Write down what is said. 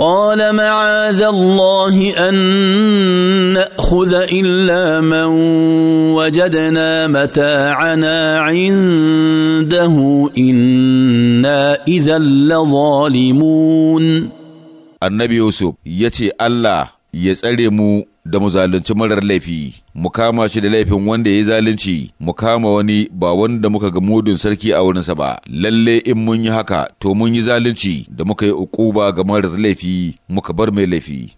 قال معاذ الله ان ناخذ الا من وجدنا متاعنا عنده انا اذا لظالمون النبي يوسف يتي الله ya tsare mu da mu zalunci marar laifi, mu kama shi da laifin wanda ya yi zalunci, mu kama wani ba wanda muka ga mudun sarki a wurinsa ba, lalle in mun yi haka to mun yi zalunci da muka yi uku ga marar laifi muka bar mai laifi.